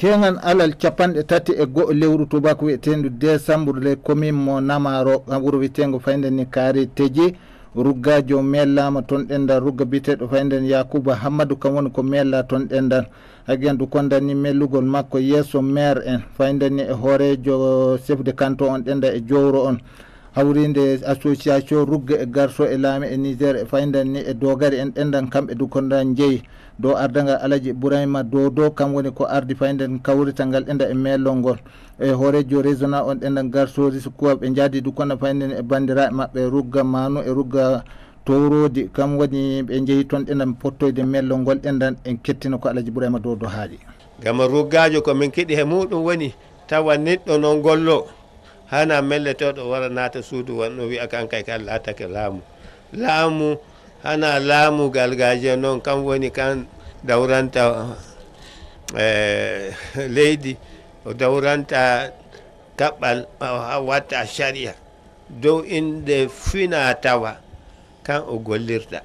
kegal alal capanɗe tati e goho lewru tubako wiyetendu décembre le commune mo namaro wuuro wiyetengo fayde ni kaari teji ruggajo mellama toon ɗendal rugga biteɗo fayden yakouba hammadou kam woni ko mella toon ɗendal hagen du kondanni mellugol makko yesso maire en fayden ni e hoorejo chef de canton on ɗenda e jowro on hawrinde association rugga e garso e laami e niger e faydan ni e dogari en ɗendan kamɓe dukkodan jeeyi do ardagal alaji bourahima do do kam woni ko ardi fayden kawrital ngal ɗenda e mellol ngol e horejo régional on ɗendan garsori sukuwa ɓe jaadi dukkoda fayden e bandiraɓe mabɓe rugga manu e rugga towrodi kam woni ɓe jeehi toon ɗendan pottoyde mellol ngol ɗendan en kettino ko alaji bourahima do do haali gaama ruggajo komin keɗi he muɗum woni tawa neɗɗo non gollo hana melletoɗo wara naata suudu wonɗo wiya kankay kan laatake laamu laamu hana laamu galgaje noon kam woni kan dawranta e leydi o dawranta kaɓɓal watta charia dow inde fina tawa kan o gollirta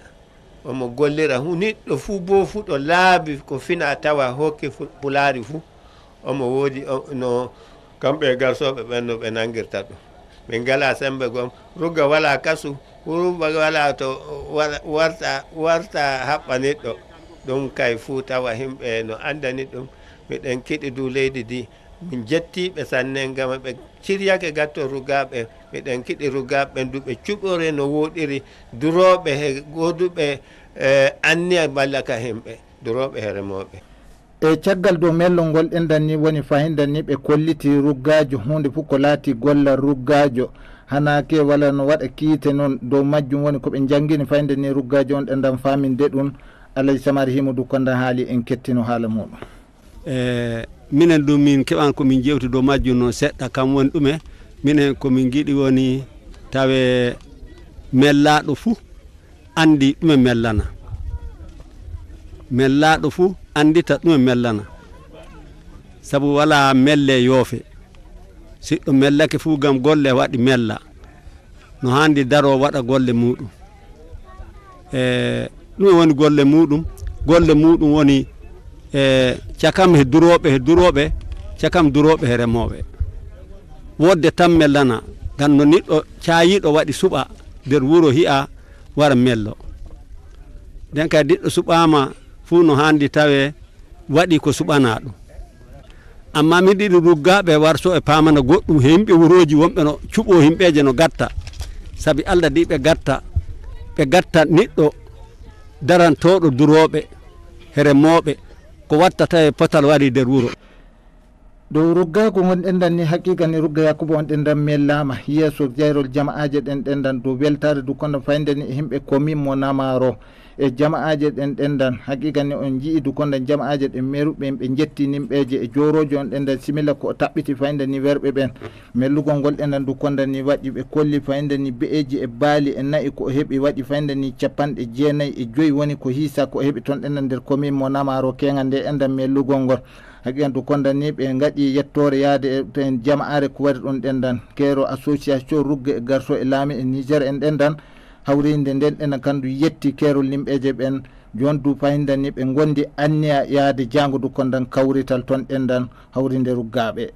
omo gollira fu niɗɗo fuu bo fuɗo laabi ko fina tawa hokki pulaari fuu omo woodi no kamɓe garsoɓe ɓenno ɓe nangirta ɗum min gala sembe gom rugga wala kasu ruba wala to warta warta haɓɓaniɗɗo ɗum kay fuu tawa himɓe no andani ɗum miɗen kiɗi du leydi di min jettiɓe sanne gama ɓe ciryake gatto rugaɓe miɗen kiɗi rugaɓe ɓen du ɓe cuɓore no woɗiri duroɓe e goduɓe eh, anniya balla ka himɓe duroɓe e remoɓe eyi caggal dow mellol ngol ɗendan ni woni fayinda ni ɓe kolliti ruggajo hunde fof ko laati gollal ruggajo hanake walla no waɗa kiite noon dow majjum woni koɓe jangguini fayinde ni ruggajo on ɗendan faminde ɗum alay samari himadou konda haali en kettino haala muɗum e minen ɗum min keɓan komin jewti dow majjum noon seɗɗa kam woni ɗume minen komin guiɗi woni tawe mellaɗo fuu andi ɗume mellana mellaɗo fuu andita ɗum e mellana sabu wala melle yoofe siɗɗo mellake fuu gam golle waɗi mella no handi daro waɗa golle muɗum e ɗum e woni golle muɗum golle muɗum woni e cakam he duroɓe he duroɓe cakam duroɓe he remoɓe wodde tan mellana gam no niɗɗo cayiɗo waɗi suɓa nder wuuro hiya wara mello nden kadi ɗiɗɗo suɓama fuu no handi tawe waɗi ko suɓana ɗum amma mi ɗiɗi ruggaɓe warso e pamana goɗɗum yimɓe wuroji wonɓe no cuɓo yimɓeje no gatta saabi allah di ɓe gatta ɓe gatta niɗɗo darantoɗo duroɓe heremoɓe ko watta tawe potal waɗi nder wuuro dow ruggago gon ɗendan ni haqiqa ni rugga yakoubo on ɗendan mellama yesso jayrol jamaaje ɗen ɗendan dow weltare du kono fayde ni yimɓe e commune mo namaro e jamaaje ɗen ɗendan haqiqa ni on jii du kono jamaaje ɗe meruɓe ɓe jettinimɓeje e jorojo on ɗendan simila ko taɓɓiti fayde ni werɓe ɓen mellugol ngol ɗendan du konda ni waɗi ɓe kolli fayde ni beeji e baali e nayi ko heɓi waɗi fayde ni capanɗe jeenayyi e joyi woni ko hiisa ko heɓi toon ɗendan nder commune mo namaro kegal nde endan mellugol ngol haqiyan to condanni ɓe gaɗi yettore yaade e en jama'are ko waɗi ɗon ɗendan keero association rugge e garso e laami e niger en ɗendan hawrinde nden ɗenan kandu yetti keerol limɓeje ɓen joni du fayidanni ɓe gondi anniya yaade jangodu kondan kawrital toon ɗendan hawrinde ruggaɓe